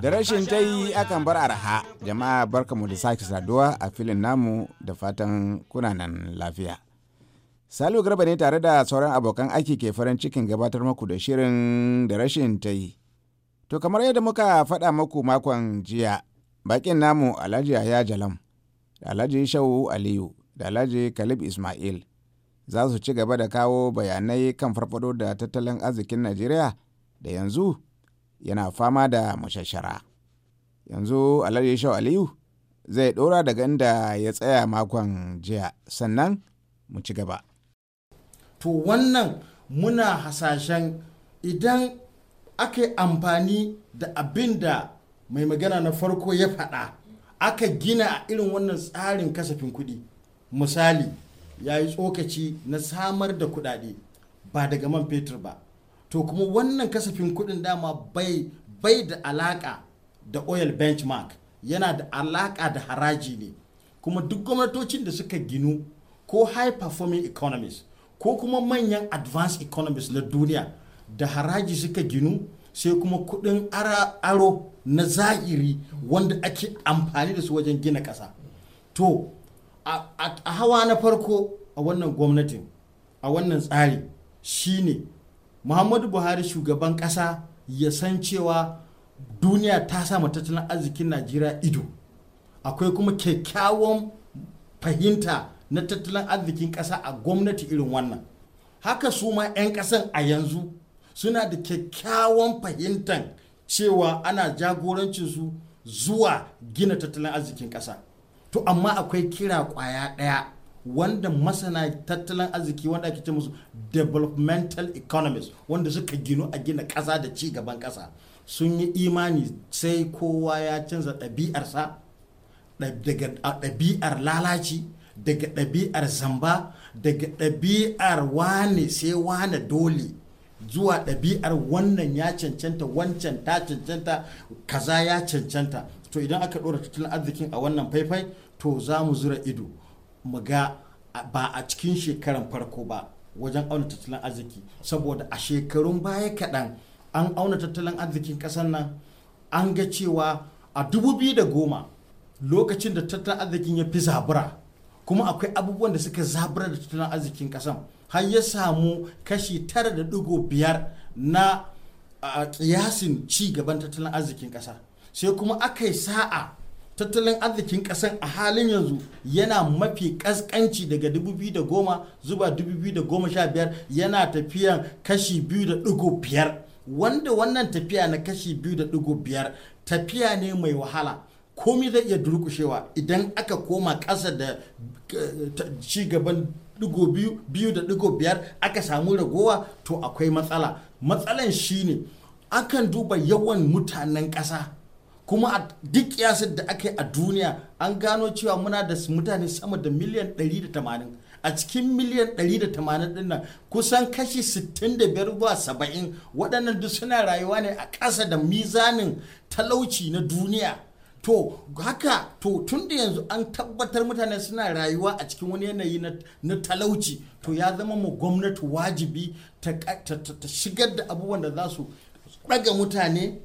Da rashin ta yi akan bar arha. Jama'a barka mu da sake saduwa a filin namu da fatan kuna nan lafiya. Salu Garba ne tare da sauran abokan aiki ke farin cikin gabatar muku da shirin da rashin ta yi. To kamar yadda muka faɗa muku makon jiya, bakin namu Alhaji Yahya Jalam, da Alhaji shau Aliyu, da Alhaji Kalib Ismail za su ci gaba da kawo bayanai kan farfado da tattalin arzikin Najeriya da yanzu yana fama da mashashara yanzu alhaji yashau aliyu zai ɗora daga inda ya tsaya makon jiya sannan mu ci gaba to wannan muna hasashen idan aka yi amfani da abin da mai magana na farko ya faɗa aka gina a irin wannan tsarin kasafin kuɗi misali ya yi tsokaci na samar da kuɗaɗe ba daga man fetur ba to kuma wannan kasafin kudin dama bai da alaka da oil benchmark yana da alaka da haraji ne kuma duk gwamnatocin da suka ginu ko high performing economies ko kuma manyan advanced economies na duniya da haraji suka ginu sai kuma kudin aro na za'iri wanda ake amfani da su wajen gina ƙasa to a hawa na farko a wannan gwamnatin a wannan tsari shine muhammadu buhari shugaban ƙasa ya san cewa duniya ta sama tattalin arzikin najeriya ido akwai kuma kyakkyawan fahimta na tattalin arzikin ƙasa a gwamnati irin wannan haka su ma 'yan ƙasan a yanzu suna da kyakkyawan fahimtar cewa ana jagorancinsu zuwa gina tattalin arzikin ƙasa to amma akwai kira ƙwaya ɗaya wanda masana tattalin arziki wanda ake ce musu developmental economies wanda suka ginu a gina ƙasa da ci gaban ƙasa sun yi imani sai kowa ya canza ɗabi'arsa daga ɗabi'ar lalaci daga ɗabi'ar zamba daga ɗabi'ar wane sai wane dole zuwa ɗabi'ar wannan ya cancanta wancan ta cancanta kaza ya cancanta to idan aka ɗora tattalin arzikin a wannan faifai to za mu zura ido mu ga ba a cikin shekaran farko ba wajen auna tattalin arziki saboda a shekarun baya kaɗan an auna tattalin arzikin ƙasar nan an ga cewa a 2010 lokacin da tattalin arzikin ya fi zabura kuma akwai abubuwan da suka zabura da tattalin arzikin ƙasar har ya samu kashi tara da 9.5 na kiyasin ci gaban tattalin arzikin ƙasa sai kuma aka yi sa'a tattalin arzikin kasan a halin yanzu yana mafi kaskanci daga 2010 zuwa 2015 yana tafiyan kashi 2.5 wanda wannan tafiya na kashi 2.5 tafiya ne mai wahala komi zai iya durkushewa idan aka koma ƙasa da eh, cigaban digo biyar aka samu ragowa to akwai matsala matsalan shine akan duba yawan mutanen ƙasa kuma a duk kiyasar da aka yi a duniya an gano cewa muna da mutane sama da miliyan 180 a cikin miliyan 180 din nan kusan kashi 65 zuwa 70 waɗannan duk suna rayuwa ne a ƙasa da mizanin talauci na duniya to haka to tun da yanzu an tabbatar mutane suna rayuwa a cikin wani yanayi na talauci to ya zama mu gwamnati wajibi ta shigar da abubuwan da za su ɗaga mutane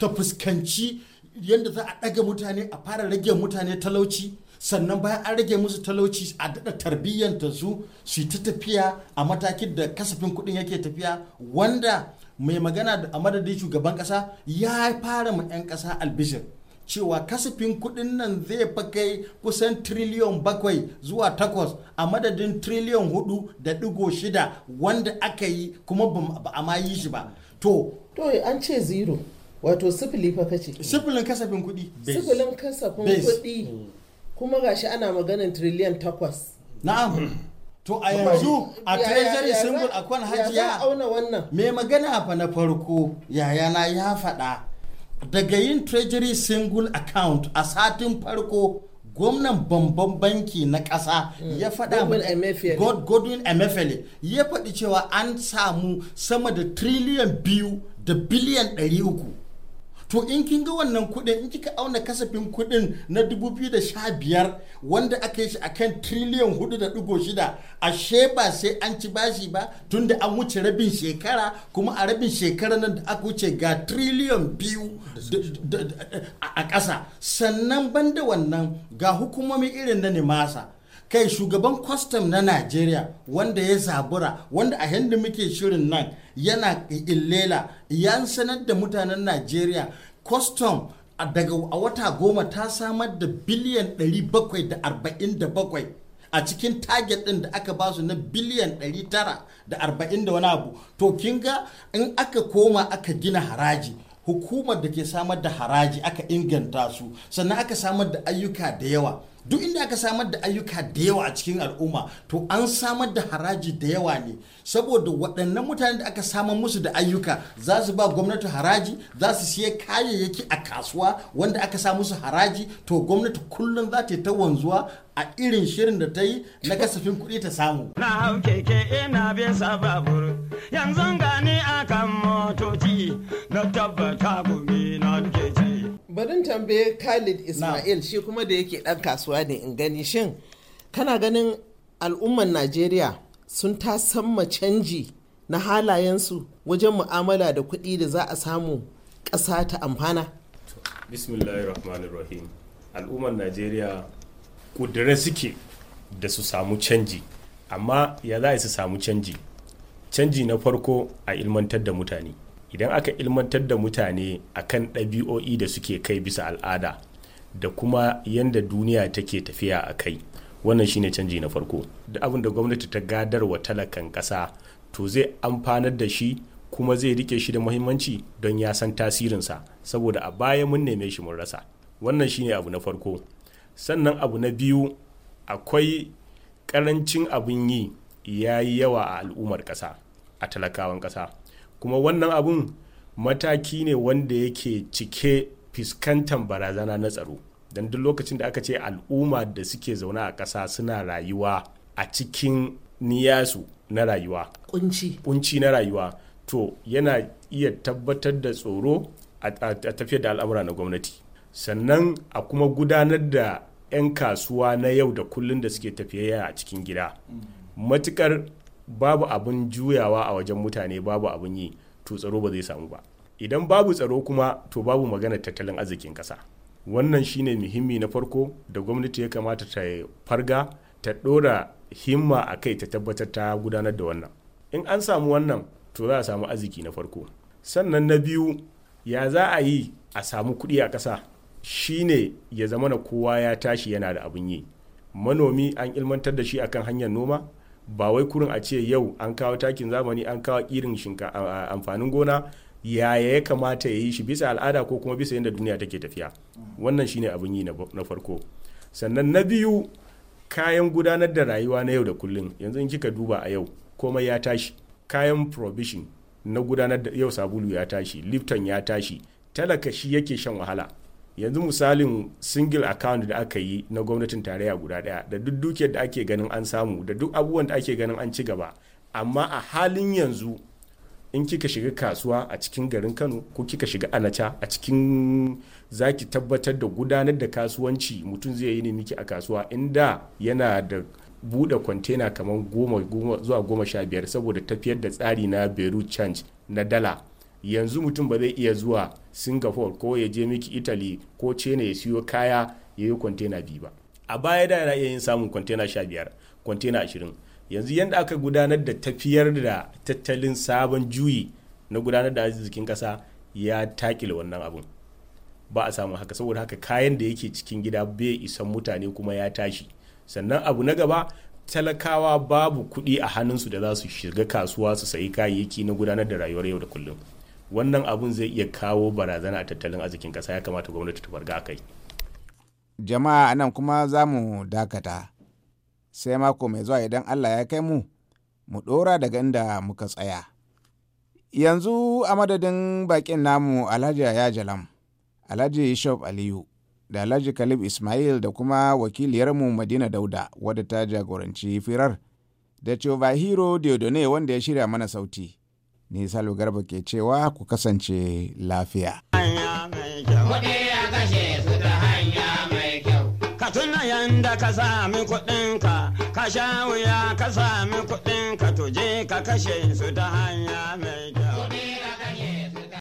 ta fuskanci yadda za a ɗaga mutane a fara rage mutane talauci sannan bayan an rage musu talauci a daɗa tarbiyyanta su su ta tafiya a matakin da kasafin kuɗin yake tafiya wanda mai magana a madadin shugaban ƙasa ya fara mu 'yan ƙasa albishir cewa kasafin kuɗin nan zai fa kai kusan triliyon bakwai zuwa takwas a madadin triliyon hudu da ɗigo shida wanda aka yi kuma ba a ma yi shi ba to to an ce zero wato sifili fa kace sifilin kasafin kuɗi sifilin kasafin kuɗi kuma gashi ana maganin triliyan takwas na'am to a yanzu a treasury single akwai hajiya me magana fa na farko Yaya na ya faɗa daga yin treasury single account a satin farko gwamnan bambam banki na ƙasa mm. ya faɗa godwin emefele ya faɗi cewa an samu sama da triliyan biyu da biliyan ɗari uku to in kin ga wannan kuɗin in kika auna kasafin kuɗin na 2015 wanda aka yi shi akan triliyan 4.6 ashe ba sai an ci bashi ba tunda an wuce rabin shekara kuma a rabin shekara nan da aka wuce ga triliyan biyu a ƙasa sannan banda wannan ga hukumomi irin na nemasa kai shugaban kwastam na najeriya wanda ya zabura wanda a yadda muke shirin nan yana illela ya sanar da mutanen najeriya kwastam daga a wata goma ta samar da biliyan 747 a cikin target din da aka basu na biliyan 940 da wani abu to kinga in aka koma aka gina haraji hukumar da ke samar da haraji aka inganta su sannan aka samar da ayyuka da yawa duk inda aka samar da ayyuka da yawa a cikin al'umma to an samar da haraji da yawa ne saboda waɗannan mutanen da aka samar musu da ayyuka za su ba gwamnati haraji za su siya kayayyaki a kasuwa wanda aka sa musu haraji to gwamnati kullum za ta yi ta wanzuwa a irin shirin da ta yi na kasafin kuɗi ta samu na hau keke ina bin yanzu gani akan motoci na tabbata gumi na duke ce. Barin tambaye Khalid Ismail shi kuma da yake ɗan kasuwa ne in gani shin kana ganin al'ummar Najeriya sun tasamma canji na halayensu wajen mu'amala da kuɗi da za a samu ƙasa ta amfana? Bismillahirrahmanirrahim. Al'ummar Najeriya kudure suke da su samu canji, amma ya za su samu canji. canji na farko a ilmantar da mutane idan aka ilmantar da mutane akan ɗabi'o'i da suke kai bisa al'ada da kuma yadda duniya take tafiya a kai wannan shine canji na farko da abin da gwamnati ta gadar wa talakan ƙasa to zai amfanar da shi kuma zai rike shi da muhimmanci don ya san tasirinsa saboda a baya mun neme shi mun rasa wannan shine abu na farko sannan abu na biyu akwai ƙarancin abin yi ya yi yawa a al'ummar ƙasa a talakawan ƙasa kuma wannan abun mataki ne wanda yake cike fuskantar barazana na tsaro don duk lokacin da aka ce al'umma da suke zaune a ƙasa suna rayuwa a cikin niyasu na rayuwa kunci na rayuwa to yana iya tabbatar da tsoro a tafiyar da al'amura na gwamnati sannan a kuma gudanar da 'yan kasuwa na yau da kullun da suke tafiyayya a cikin gida mm. matukar babu abin juyawa a wajen mutane babu abin yi to tsaro ba zai samu ba idan babu tsaro kuma to babu magana tattalin arzikin ƙasa wannan shine muhimmi na farko da gwamnati ya kamata ta farga ta ɗora himma a kai ta tabbatar ta gudanar da wannan in an samu wannan to za a samu arziki na farko sannan na biyu ya za a yi a samu kuɗi a ƙasa shine ya zama na kowa ya tashi yana da abin yi manomi an ilmantar da shi akan hanyar noma ba wai kurin a ce yau an kawo takin zamani an kawo irin shinka amfanin gona yaya ya kamata ya yi shi bisa al'ada ko kuma bisa yadda duniya take tafiya wannan shine abin yi na farko sannan na biyu kayan gudanar da rayuwa na yau da kullum yanzu in kika duba a yau komai ya tashi kayan provision na gudanar da yau sabulu ya tashi lifton ya tashi talaka shi yake shan wahala yanzu misalin single account da aka yi na gwamnatin tarayya guda daya da duk dukiyar da ake ganin an samu da duk abubuwan da ake ganin an ci gaba amma a halin yanzu in kika shiga kasuwa a cikin garin kano ko kika shiga anacha a cikin zaki tabbatar da gudanar da kasuwanci mutum zai yi ne miki a kasuwa inda yana da buɗe kwantena kamar goma zuwa goma sha biyar saboda tafiyar da tsari na beirut change na dala yanzu mutum ba zai iya zuwa singapore ko ya je miki italy ko china ya siyo kaya ya yi kwantena biyu ba a baya da yana iya yin samun kwantena sha biyar kwantena ashirin yanzu yadda aka gudanar da tafiyar da tattalin sabon juyi na gudanar da arzikin kasa ya takile wannan abun ba a samu haka saboda haka kayan da yake cikin gida bai isan mutane kuma ya tashi sannan abu na gaba talakawa babu kuɗi a hannunsu da za su shiga kasuwa su sayi kayayyaki na gudanar da rayuwar yau da kullum wannan abun zai iya kawo barazana a tattalin arzikin kasa ya kamata gwamnati ta farga kai jama'a anan kuma za mu dakata sai mako mai zuwa idan allah ya kai mu mu ɗora daga inda muka tsaya yanzu a madadin bakin namu alhaji ya jalam alhaji yishop aliyu da alhaji kalib ismail da kuma wakiliyarmu madina dauda wadda ta jagoranci firar da hero diodone wanda ya shirya mana sauti nisa salo garba ke cewa ku kasance lafiya ka tuna yanda ka sami kuɗinka ka sha wuya ka sami kuɗinka to je ka kashe su ta hanya mai kyau